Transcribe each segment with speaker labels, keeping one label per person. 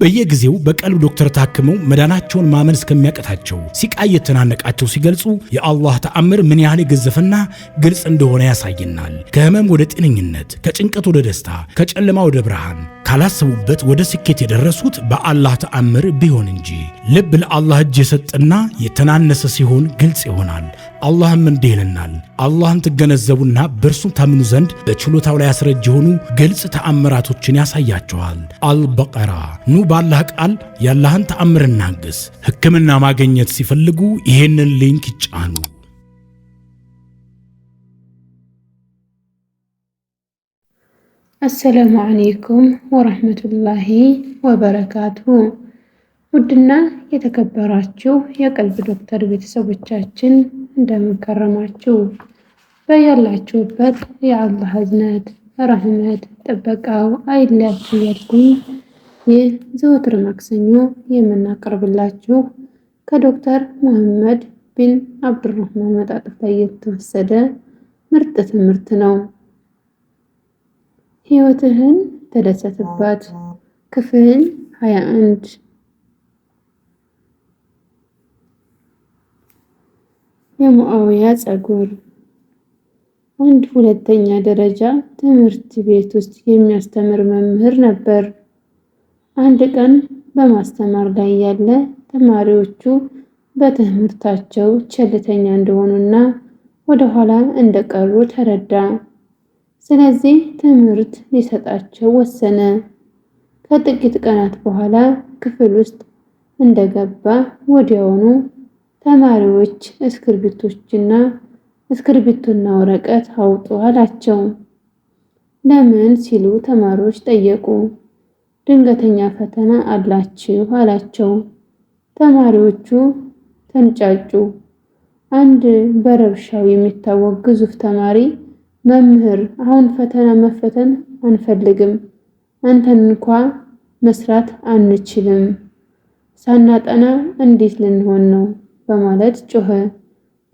Speaker 1: በየጊዜው በቀልብ ዶክተር ታክመው መዳናቸውን ማመን እስከሚያቀታቸው ሲቃይ የተናነቃቸው ሲገልጹ የአላህ ተአምር ምን ያህል የገዘፈና ግልጽ እንደሆነ ያሳይናል። ከህመም ወደ ጤነኝነት፣ ከጭንቀት ወደ ደስታ፣ ከጨለማ ወደ ብርሃን ካላሰቡበት ወደ ስኬት የደረሱት በአላህ ተአምር ቢሆን እንጂ ልብ ለአላህ እጅ የሰጠና የተናነሰ ሲሆን ግልጽ ይሆናል። አላህም እንዲህ ይለናል፣ አላህን ትገነዘቡና በእርሱ ታምኑ ዘንድ በችሎታው ላይ ያስረጅ የሆኑ ግልጽ ተአምራቶችን ያሳያቸዋል። አልበቀራ ኑ ባላህ ቃል ያላህን ተአምር እናግስ። ሕክምና ማግኘት ሲፈልጉ ይሄንን ሊንክ ይጫኑ።
Speaker 2: አሰላሙ አለይኩም ወረሕመቱላሂ ወበረካቱሁ ውድና የተከበራችሁ የቀልብ ዶክተር ቤተሰቦቻችን እንደምንከረማችሁ በያላችሁበት የአላህ እዝነት ረህመት ጥበቃው አይለያችሁ ያልኩኝ ይህ ዘወትር ማክሰኞ የምናቀርብላችሁ ከዶክተር መሐመድ ቢን አብዱራህማን መጣጥፍ ላይ የተወሰደ ምርጥ ትምህርት ነው። ህይወትህን ተደሰትባት። ክፍል 21 የሙአውያ ጸጉር አንድ ሁለተኛ ደረጃ ትምህርት ቤት ውስጥ የሚያስተምር መምህር ነበር። አንድ ቀን በማስተማር ላይ ያለ ተማሪዎቹ በትምህርታቸው ቸልተኛ እንደሆኑና ወደኋላ እንደቀሩ ተረዳ። ስለዚህ ትምህርት ሊሰጣቸው ወሰነ። ከጥቂት ቀናት በኋላ ክፍል ውስጥ እንደገባ ወዲያውኑ ተማሪዎች እስክርቢቶችና እስክርቢቶና ወረቀት አውጡ አላቸው። ለምን ሲሉ ተማሪዎች ጠየቁ። ድንገተኛ ፈተና አላችሁ አላቸው። ተማሪዎቹ ተንጫጩ። አንድ በረብሻው የሚታወቅ ግዙፍ ተማሪ መምህር፣ አሁን ፈተና መፈተን አንፈልግም፣ አንተን እንኳ መስራት አንችልም፣ ሳናጠና እንዴት ልንሆን ነው? በማለት ጮኸ።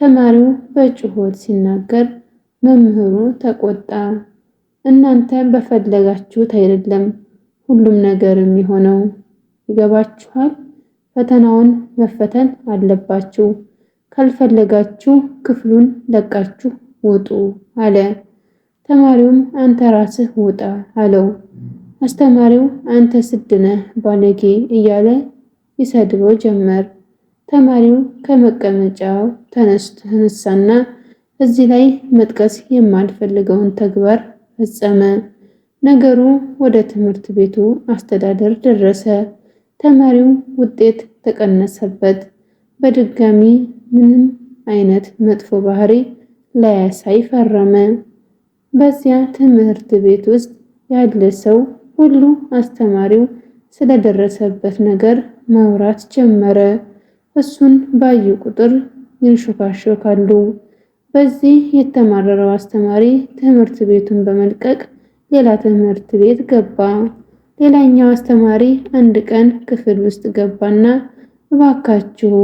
Speaker 2: ተማሪው በጩኸት ሲናገር መምህሩ ተቆጣ። እናንተ በፈለጋችሁት አይደለም ሁሉም ነገር የሚሆነው፣ ይገባችኋል? ፈተናውን መፈተን አለባችሁ። ካልፈለጋችሁ ክፍሉን ለቃችሁ ውጡ አለ። ተማሪውም አንተ ራስህ ውጣ አለው። አስተማሪው አንተ ስድነህ ባለጌ እያለ ይሰድበው ጀመር። ተማሪው ከመቀመጫው ተነሳና እዚህ ላይ መጥቀስ የማልፈልገውን ተግባር ፈጸመ። ነገሩ ወደ ትምህርት ቤቱ አስተዳደር ደረሰ። ተማሪው ውጤት ተቀነሰበት። በድጋሚ ምንም አይነት መጥፎ ባህሪ ላያሳይ ፈረመ። በዚያ ትምህርት ቤት ውስጥ ያለ ሰው ሁሉ አስተማሪው ስለደረሰበት ነገር ማውራት ጀመረ። እሱን ባዩ ቁጥር ይንሾካሾካሉ። በዚህ የተማረረው አስተማሪ ትምህርት ቤቱን በመልቀቅ ሌላ ትምህርት ቤት ገባ። ሌላኛው አስተማሪ አንድ ቀን ክፍል ውስጥ ገባና እባካችሁ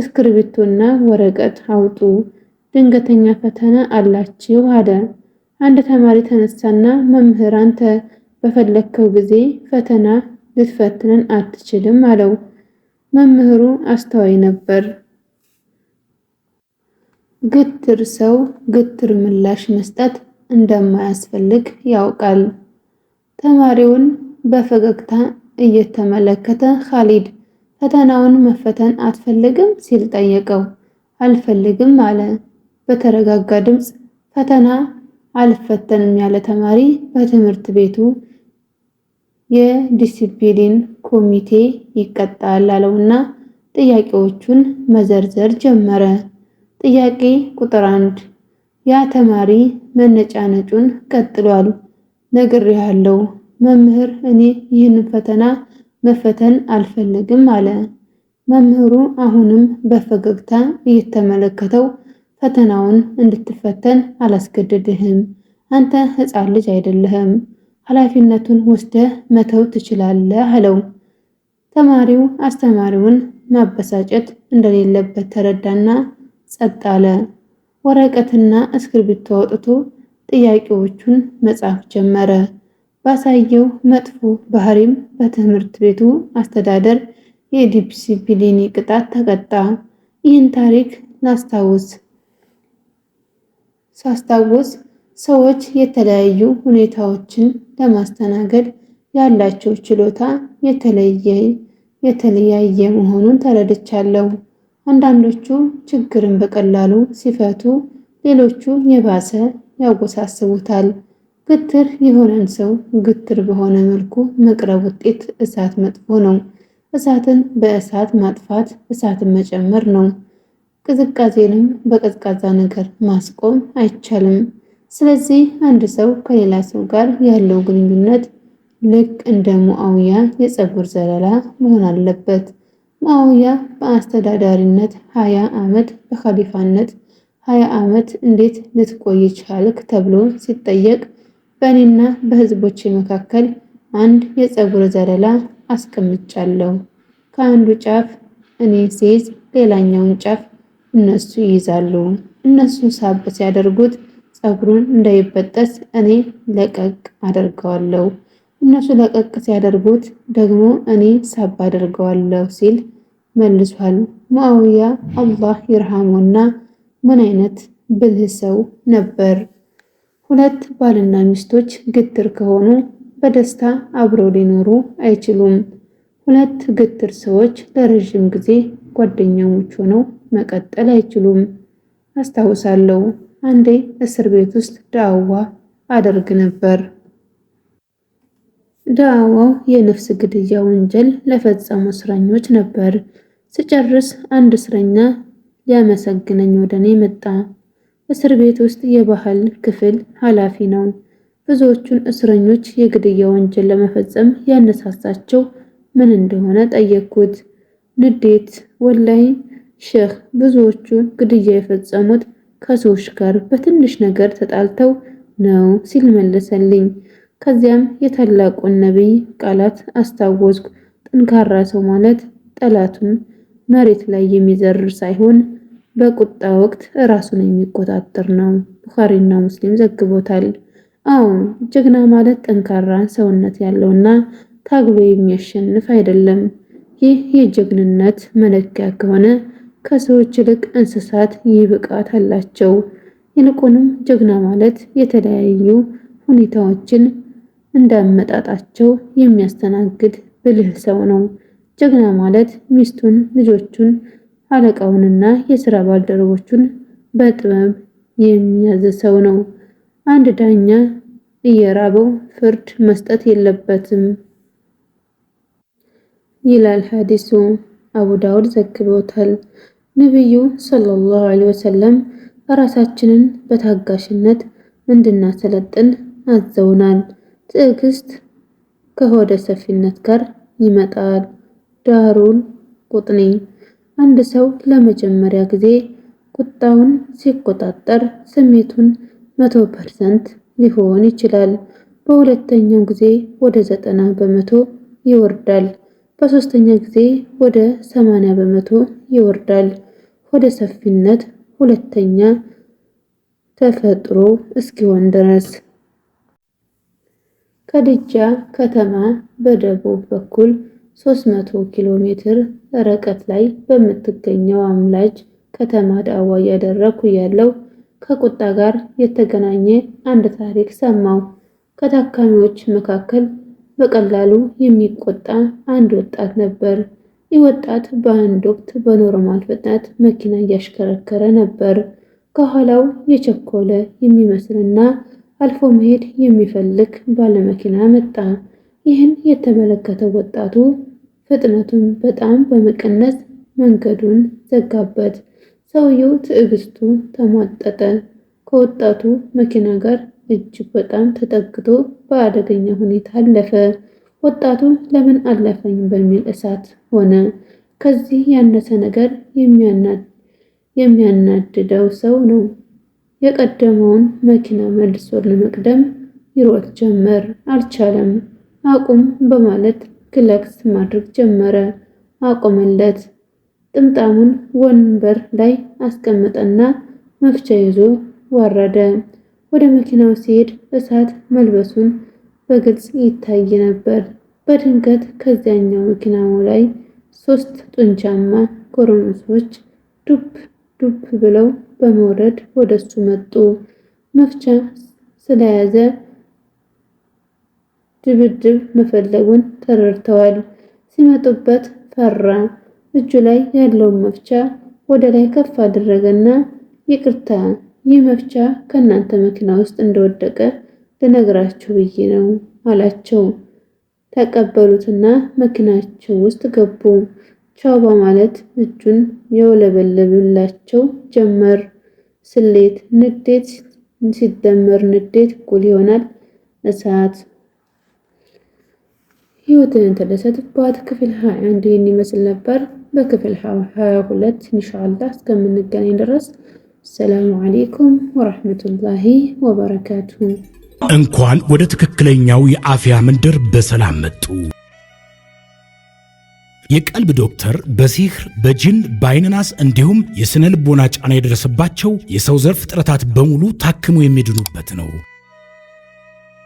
Speaker 2: እስክርቢቶና ወረቀት አውጡ፣ ድንገተኛ ፈተና አላችሁ አለ። አንድ ተማሪ ተነሳና መምህር አንተ በፈለግከው ጊዜ ፈተና ልትፈትነን አትችልም አለው። መምህሩ አስተዋይ ነበር። ግትር ሰው ግትር ምላሽ መስጠት እንደማያስፈልግ ያውቃል። ተማሪውን በፈገግታ እየተመለከተ ኻሊድ ፈተናውን መፈተን አትፈልግም ሲል ጠየቀው። አልፈልግም አለ በተረጋጋ ድምፅ። ፈተና አልፈተንም ያለ ተማሪ በትምህርት ቤቱ የዲሲፕሊን ኮሚቴ ይቀጣል አለውና ጥያቄዎቹን መዘርዘር ጀመረ። ጥያቄ ቁጥር አንድ ያ ተማሪ መነጫነጩን ቀጥሏል። ነግሬሃለሁ መምህር፣ እኔ ይህንን ፈተና መፈተን አልፈልግም አለ። መምህሩ አሁንም በፈገግታ እየተመለከተው ፈተናውን እንድትፈተን አላስገድድህም፣ አንተ ሕፃን ልጅ አይደለህም ኃላፊነቱን ወስደህ መተው ትችላለህ አለው። ተማሪው አስተማሪውን ማበሳጨት እንደሌለበት ተረዳና ጸጥ አለ። ወረቀትና እስክርቢቶ አውጥቶ ጥያቄዎቹን መጻፍ ጀመረ። ባሳየው መጥፎ ባህሪም በትምህርት ቤቱ አስተዳደር የዲሲፕሊን ቅጣት ተቀጣ። ይህን ታሪክ ላስታውስ ሳስታውስ ሰዎች የተለያዩ ሁኔታዎችን ለማስተናገድ ያላቸው ችሎታ የተለያየ መሆኑን ተረድቻለሁ። አንዳንዶቹ ችግርን በቀላሉ ሲፈቱ፣ ሌሎቹ የባሰ ያወሳስቡታል። ግትር የሆነን ሰው ግትር በሆነ መልኩ መቅረብ ውጤት እሳት መጥፎ ነው። እሳትን በእሳት ማጥፋት እሳትን መጨመር ነው። ቅዝቃዜንም በቀዝቃዛ ነገር ማስቆም አይቻልም። ስለዚህ አንድ ሰው ከሌላ ሰው ጋር ያለው ግንኙነት ልክ እንደ ሙአውያ የፀጉር ዘለላ መሆን አለበት። ሙአውያ በአስተዳዳሪነት ሀያ ዓመት በኸሊፋነት ሀያ ዓመት እንዴት ልትቆይ ቻልክ ተብሎ ሲጠየቅ በእኔና በሕዝቦቼ መካከል አንድ የፀጉር ዘለላ አስቀምጫለሁ። ከአንዱ ጫፍ እኔ ሲይዝ ሌላኛውን ጫፍ እነሱ ይይዛሉ። እነሱ ሳብ ሲያደርጉት ፀጉሩን እንዳይበጠስ እኔ ለቀቅ አደርገዋለሁ፣ እነሱ ለቀቅ ሲያደርጉት ደግሞ እኔ ሳብ አደርገዋለሁ ሲል መልሷል። ሙአውያ አላህ ይርሃሙና ምን አይነት ብልህ ሰው ነበር። ሁለት ባልና ሚስቶች ግትር ከሆኑ በደስታ አብረው ሊኖሩ አይችሉም። ሁለት ግትር ሰዎች ለረዥም ጊዜ ጓደኛሞች ሆነው መቀጠል አይችሉም። አስታውሳለሁ አንዴ እስር ቤት ውስጥ ዳዋ አደርግ ነበር። ዳዕዋው የነፍስ ግድያ ወንጀል ለፈጸሙ እስረኞች ነበር። ስጨርስ አንድ እስረኛ ሊያመሰግነኝ ወደ እኔ መጣ። እስር ቤት ውስጥ የባህል ክፍል ኃላፊ ነው። ብዙዎቹን እስረኞች የግድያ ወንጀል ለመፈጸም ያነሳሳቸው ምን እንደሆነ ጠየቅኩት። ንዴት። ወላይ ሼህ ብዙዎቹ ግድያ የፈጸሙት ከሰዎች ጋር በትንሽ ነገር ተጣልተው ነው ሲል መለሰልኝ። ከዚያም የታላቁን ነቢይ ቃላት አስታወስኩ። ጠንካራ ሰው ማለት ጠላቱን መሬት ላይ የሚዘርር ሳይሆን በቁጣ ወቅት ራሱን የሚቆጣጠር ነው። ቡኻሪና ሙስሊም ዘግቦታል። አዎ ጀግና ማለት ጠንካራ ሰውነት ያለውና ታግሎ የሚያሸንፍ አይደለም። ይህ የጀግንነት መለኪያ ከሆነ ከሰዎች ይልቅ እንስሳት ይህ ብቃት አላቸው። ይልቁንም ጀግና ማለት የተለያዩ ሁኔታዎችን እንዳመጣጣቸው የሚያስተናግድ ብልህ ሰው ነው። ጀግና ማለት ሚስቱን፣ ልጆቹን፣ አለቃውንና የስራ ባልደረቦቹን በጥበብ የሚያዝ ሰው ነው። አንድ ዳኛ እየራበው ፍርድ መስጠት የለበትም ይላል ሐዲሱ። አቡ ዳውድ ዘግቦታል። ነቢዩ ሰለላሁ ዐለይሂ ወሰለም ራሳችንን በታጋሽነት እንድናሰለጥን አዘውናል። ትዕግስት ከሆደ ሰፊነት ጋር ይመጣል። ዳሩል ቁጥኒ አንድ ሰው ለመጀመሪያ ጊዜ ቁጣውን ሲቆጣጠር ስሜቱን መቶ ፐርሰንት ሊሆን ይችላል። በሁለተኛው ጊዜ ወደ ዘጠና በመቶ ይወርዳል። በሶስተኛ ጊዜ ወደ ሰማንያ በመቶ ይወርዳል። ወደ ሰፊነት ሁለተኛ ተፈጥሮ እስኪሆን ድረስ ከድጃ ከተማ በደቡብ በኩል 300 ኪሎ ሜትር ርቀት ላይ በምትገኘው አምላጅ ከተማ ዳዋ እያደረኩ ያለው ከቁጣ ጋር የተገናኘ አንድ ታሪክ ሰማው። ከታካሚዎች መካከል በቀላሉ የሚቆጣ አንድ ወጣት ነበር። ይህ ወጣት በአንድ ወቅት በኖርማል ፍጥነት መኪና እያሽከረከረ ነበር። ከኋላው የቸኮለ የሚመስልና አልፎ መሄድ የሚፈልግ ባለመኪና መጣ። ይህን የተመለከተው ወጣቱ ፍጥነቱን በጣም በመቀነስ መንገዱን ዘጋበት። ሰውየው ትዕግስቱ ተሟጠጠ። ከወጣቱ መኪና ጋር እጅግ በጣም ተጠግቶ በአደገኛ ሁኔታ አለፈ። ወጣቱ ለምን አለፈኝ በሚል እሳት ሆነ። ከዚህ ያነሰ ነገር የሚያናድደው ሰው ነው። የቀደመውን መኪና መልሶ ለመቅደም ይሮጥ ጀመር። አልቻለም። አቁም በማለት ክለክስ ማድረግ ጀመረ። አቆመለት። ጥምጣሙን ወንበር ላይ አስቀምጠና መፍቻ ይዞ ዋረደ። ወደ መኪናው ሲሄድ እሳት መልበሱን በግልጽ ይታይ ነበር። በድንገት ከዚያኛው መኪናው ላይ ሶስት ጡንቻማ ጎረምሶች ዱብ ዱብ ብለው በመውረድ ወደሱ መጡ። መፍቻ ስለያዘ ድብድብ መፈለጉን ተረድተዋል። ሲመጡበት ፈራ። እጁ ላይ ያለውን መፍቻ ወደ ላይ ከፍ አደረገና ይቅርታ፣ ይህ መፍቻ ከእናንተ መኪና ውስጥ እንደወደቀ ልነግራችሁ ብዬ ነው አላቸው። ተቀበሉትና መኪናቸው ውስጥ ገቡ። ቻው በማለት እጁን የወለበለብላቸው ጀመር። ስሌት፣ ንዴት ሲደመር ንዴት እኩል ይሆናል እሳት። ህይወትን ተደሰትባት ክፍል 21 ይህን ይመስል ነበር። በክፍል 22 ኢንሻአላህ እስከምንገናኝ ድረስ ሰላሙ አሌይኩም ወራህመቱላሂ ወበረካቱሁ!
Speaker 3: እንኳን ወደ ትክክለኛው የአፍያ መንደር በሰላም መጡ። የቀልብ ዶክተር በሲህር በጅን በአይነናስ እንዲሁም የስነ ልቦና ጫና የደረሰባቸው የሰው ዘር ፍጥረታት በሙሉ ታክሞ የሚድኑበት ነው።